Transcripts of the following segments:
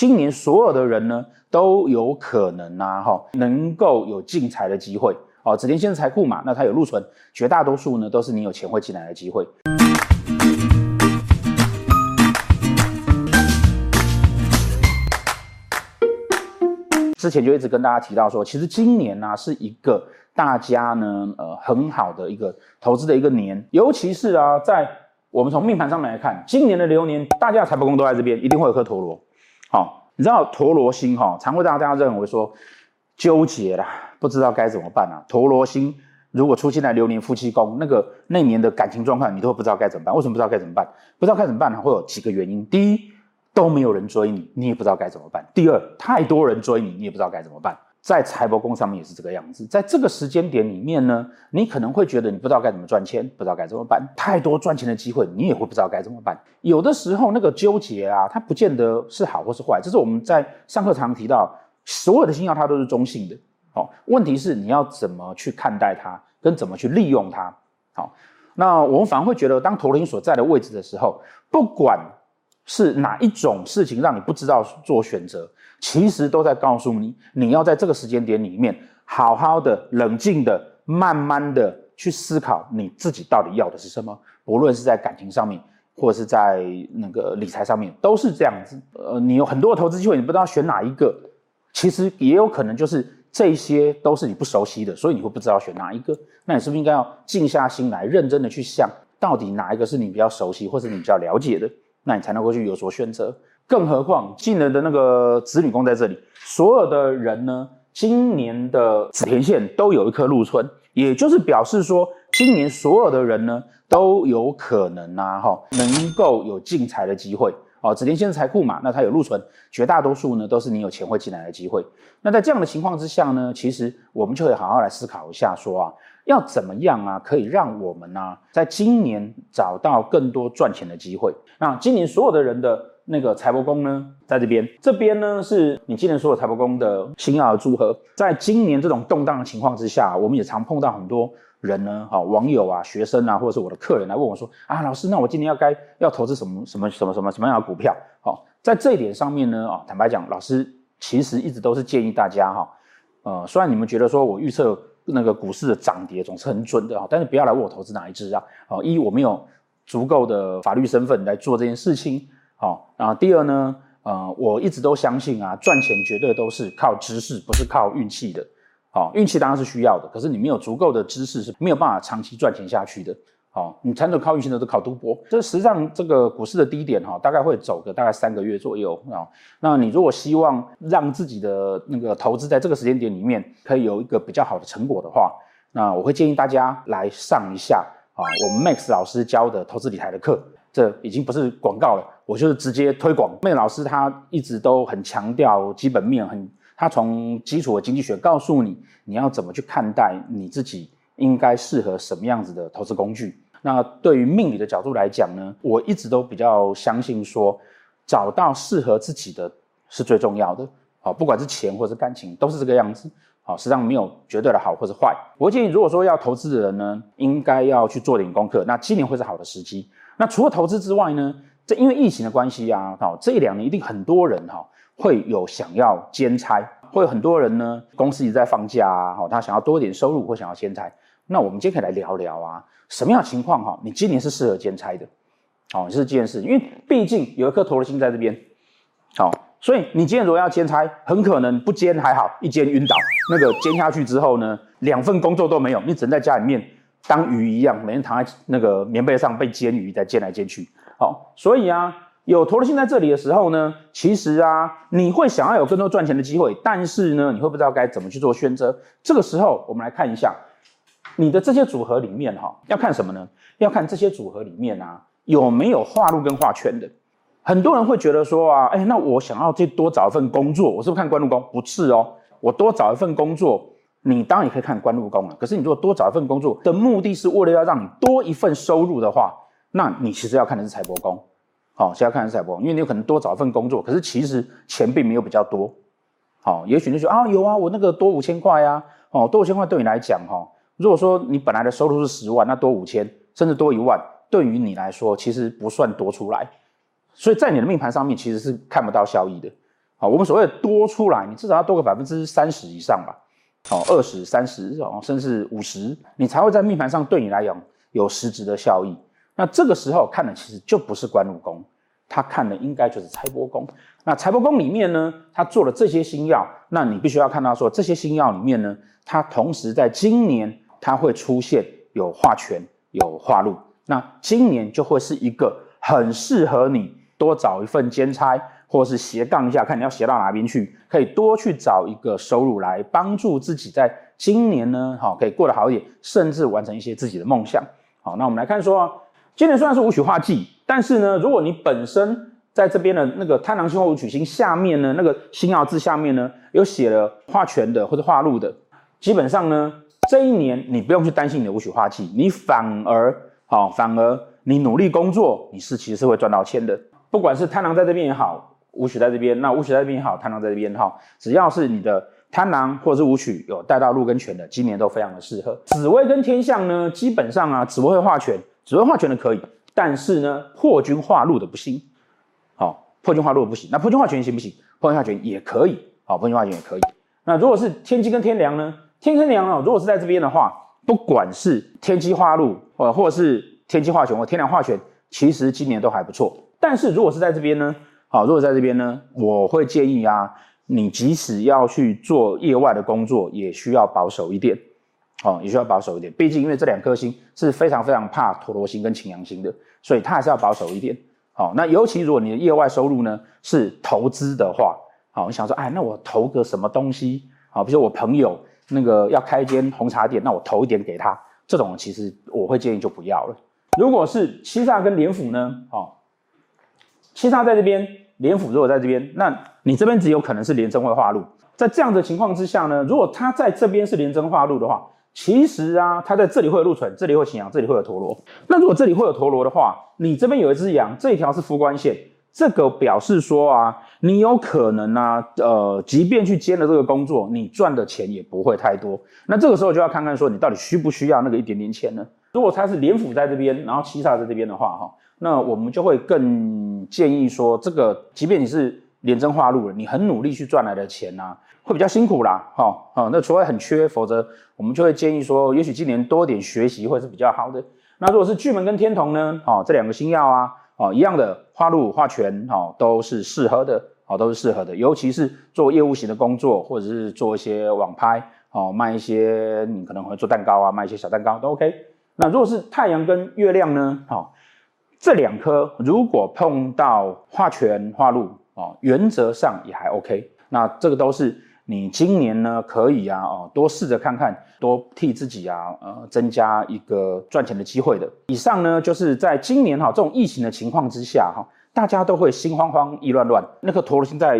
今年所有的人呢都有可能啊，哈能夠有進財的機會哦，子田線，是財庫嘛，那它有祿存，絕大多數呢都是你有錢會進來的機會。之前就一直跟大家提到說，其實今年呢、啊、是一個大家呢呃很好的一個投資的一個年，尤其是啊在我們從命盤上面來看，今年的流年大家的財帛宮都在這邊，一定會有顆陀螺。好、哦，你知道陀羅星哈、哦，常會大家大家認為說糾結啦，不知道該怎麼辦啊，陀羅星如果出現在流年夫妻宮，那個那年的感情狀況，你都會不知道該怎麼辦。為什麼不知道該怎麼辦？不知道該怎麼辦呢、啊？會有幾個原因：第一，都沒有人追你，你也不知道該怎麼辦；第二，太多人追你，你也不知道該怎麼辦。在財帛宮上面也是這個樣子，在這個時間點裡面呢，你可能會覺得你不知道該怎麼賺錢，不知道該怎麼辦，太多賺錢的機會，你也會不知道該怎麼辦。有的時候那個糾結啊，它不見得是好或是壞。這是我們在上課常常提到，所有的星曜它都是中性的，好，問題是你要怎麼去看待它，跟怎麼去利用它。好，那我們反而會覺得，當陀羅所在的位置的時候，不管。是哪一種事情讓你不知道做選擇？其實都在告訴你，你要在這個時間點裡面，好好的、冷靜的、慢慢的去思考你自己到底要的是什麼。不論是在感情上面，或者是在那個理財上面，都是這樣子。呃，你有很多的投資機會，你不知道選哪一個，其實也有可能就是這些都是你不熟悉的，所以你會不知道選哪一個。那你是不是應該要靜下心來，認真的去想，到底哪一個是你比較熟悉，或者是你比較了解的？那你才能過去有所選擇，更何況進來的那個子女宮在這裡，所有的人呢，今年的子田線都有一顆祿存，也就是表示說，今年所有的人呢都有可能吶哈，能夠有進財的機會。紫子田線是財庫嘛，那它有祿存，絕大多數呢都是你有錢會進來的機會。那在這樣的情況之下呢，其實我們就可以好好來思考一下，說啊，要怎麼樣啊，可以讓我們啊，在今年找到更多賺錢的機會。那今年所有的人的那個財帛宮呢，在這邊，這邊呢是你今年所有財帛宮的星曜的組合，在今年這種動盪的情況之下，我們也常碰到很多。人呢？哈、哦，網友啊，學生啊，或者是我的客人來問我說：啊，老師，那我今年要該要投資什麼什麼什麼什麼什麼樣的股票？好、哦，在這一點上面呢，啊、哦，坦白講，老師其實一直都是建議大家哈、哦，呃，雖然你們覺得說我預測那個股市的漲跌總是很準的哈、哦，但是不要來問我投資哪一支啊。好、哦、一我沒有足夠的法律身份來做這件事情。好、哦，然後第二呢，呃，我一直都相信啊，賺錢絕對都是靠知識，不是靠運氣的。哦，運氣當然是需要的，可是你沒有足夠的知識是沒有辦法長期賺錢下去的。哦，你才能靠運氣，那是靠賭博。這實際上這個股市的低點哈，大概會走個大概三個月左右啊。那你如果希望讓自己的那個投資在這個時間點裡面可以有一個比較好的成果的話，那我會建議大家來上一下啊，我們 Max 老師教的投資理財的課。這已經不是廣告了，我就是直接推廣。Max、嗯、老師他一直都很強調基本面很。他從基礎的經濟學告訴你，你要怎麼去看待你自己，應該適合什麼樣子的投資工具。那對於命理的角度來講呢，我一直都比較相信說，找到適合自己的是最重要的。不管是錢或者感情，都是這個樣子。好，實際上沒有絕對的好或者壞。我建議，如果說要投資的人呢，應該要去做點功課。那今年會是好的時機。那除了投資之外呢，這因為疫情的關係啊，好，這一兩年一定很多人哈。會有想要兼差，會有很多人呢。公司一直在放假，啊，他想要多一點收入，或想要兼差。那我們今天可以來聊聊啊，什麼樣的情況哈？你今年是適合兼差的，哦，就是這件事，因為畢竟有一顆投了心在這邊，好，所以你今天如果要兼差，很可能不兼還好，一兼暈倒。那個兼下去之後呢，兩份工作都沒有，你只能在家裡面當魚一樣，每天躺在那個棉被上被煎魚再煎來煎去。好，所以啊。有陀羅星在這裡的時候呢，其實啊，你會想要有更多賺錢的機會，但是呢，你會不知道該怎麼去做選擇。這個時候，我們來看一下你的這些組合裡面哈、哦，要看什麼呢？要看這些組合裡面啊，有沒有化祿跟化權的。很多人會覺得說啊，哎、欸，那我想要去多找一份工作，我是不是看官祿宮？不是哦，我多找一份工作，你當然也可以看官祿宮了，可是，你如果多找一份工作的目的是為了要讓你多一份收入的話，那你其實要看的是財帛宮。好，現在、哦、看財帛，因為你有可能多找份工作，可是其實錢並沒有比較多。好、哦，也許你就說啊，有啊，我那個多五千塊呀。哦，多五千塊對你來講，哈、哦，如果說你本來的收入是十萬，那多五千甚至多一萬，對於你來說其實不算多出來。所以在你的命盤上面其實是看不到效益的。啊、哦，我們所謂多出來，你至少要多個百分之三十以上吧。哦，二十三十哦，甚至五十，你才會在命盤上對你來講有，有實質的效益。那這個時候看的其實就不是官祿宮。他看的應該就是財帛宮，那財帛宮裡面呢，他做了這些星曜，那你必須要看到說，這些星曜裡面呢，它同時在今年它會出現有化權、有化祿。那今年就會是一個很適合你多找一份兼差，或是斜槓一下，看你要斜到哪邊去，可以多去找一個收入來幫助自己，在今年呢，哈，可以過得好一點，甚至完成一些自己的夢想。好，那我們來看說，今年雖然是武曲化忌。但是呢，如果你本身在這邊的那個貪狼星或武曲星下面呢，那個星曜字下面呢，有寫了化權的或者化祿的，基本上呢，這一年你不用去擔心你的武曲化忌，你反而好、哦，反而你努力工作，你是其實是會賺到錢的。不管是貪狼在這邊也好，武曲在這邊，那武曲在這邊也好，貪狼在這邊哈、哦，只要是你的貪狼或者是武曲有帶到祿跟權的，今年都非常的適合。紫微跟天相呢，基本上啊，紫微會化權，紫微化權的可以。但是呢，破軍化祿的不行，好、哦，破軍化祿的不行，那破軍化權行不行？破軍化權也可以，好、哦，破軍化權也可以。那如果是天機跟天梁呢？天跟梁哦，如果是在這邊的話，不管是天機化祿，呃，或者是天機化權，或天梁化權，其實今年都還不錯。但是如果是在這邊呢，好、哦，如果在這邊呢，我會建議啊，你即使要去做業外的工作，也需要保守一點。哦，也需要保守一點，畢竟因為這兩顆星是非常非常怕陀羅星跟擎羊星的，所以它還是要保守一點。哦，那尤其如果你的業外收入呢，是投資的話，哦，你想說，哎，那我投個什麼東西？哦，比如說我朋友那個要開一間紅茶店，那我投一點給他，這種其實我會建議就不要了。如果是七煞跟廉府呢？哦，七煞在這邊，廉府如果在這邊，那你這邊只有可能是廉貞會化祿。在這樣的情況之下呢，如果他在這邊是廉貞化祿的話，其實啊，它在這裡會有祿存，這裡會有擎羊，這裡會有陀羅。那如果這裡會有陀羅的話，你這邊有一隻羊，這一條是夫官線，這個表示說啊，你有可能啊，呃，即便去兼了這個工作，你賺的錢也不會太多。那這個時候就要看看說，你到底需不需要那個一點點錢呢？如果它是廉府在這邊，然後七煞在這邊的話，哈，那我們就會更建議說，這個即便你是。廉貞化祿，你很努力去賺來的錢呢、啊，會比較辛苦啦。哈，哦，那除非很缺，否則我們就會建議說，也許今年多一點學習會是比較好的。那如果是巨門跟天同呢？哦，這兩個星曜啊，哦一樣的化祿、化權，哦都是適合的，哦都是適合的，尤其是做業務型的工作，或者是做一些網拍，哦賣一些你可能會做蛋糕啊，賣一些小蛋糕都 OK。那如果是太陽跟月亮呢？哦，這兩顆如果碰到化權、化祿。哦，原則上也還 OK。那這個都是你今年呢可以啊，哦，多試着看看，多替自己啊，呃，增加一個賺錢的機會的。以上呢，就是在今年哈這種疫情的情況之下哈，大家都會心慌慌、意亂亂。那個陀羅星在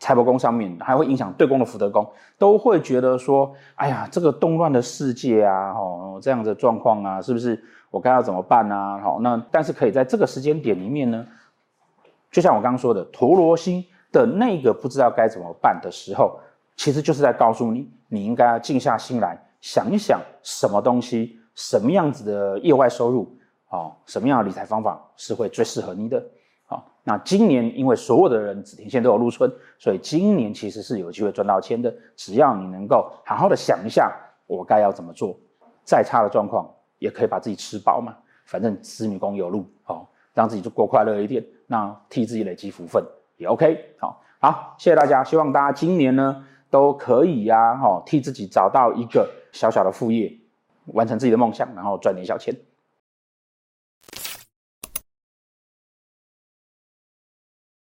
財帛宮上面，還會影響對宮的福德宮，都會覺得說，哎呀，這個動亂的世界啊，哈，這樣的狀況啊，是不是我該要怎麼辦呢、啊？好，那但是可以在這個時間點裡面呢，就像我剛剛說的，陀羅星的那個不知道該怎麼辦的時候，其實就是在告訴你，你應該要靜下心來想一想，什麼東西、什麼樣子的業外收入哦，什麼樣的理財方法是會最適合你的。好，那今年因為所有的人子田線都有入春，所以今年其實是有機會賺到錢的。只要你能夠好好的想一下，我該要怎麼做，再差的狀況也可以把自己吃飽嘛，反正子女宮有路，哦，讓自己就過快樂一點。那替自己累積福分也 OK，好好謝謝大家，希望大家今年呢都可以呀，哈，替自己找到一個小小的副業，完成自己的夢想，然後賺點小錢。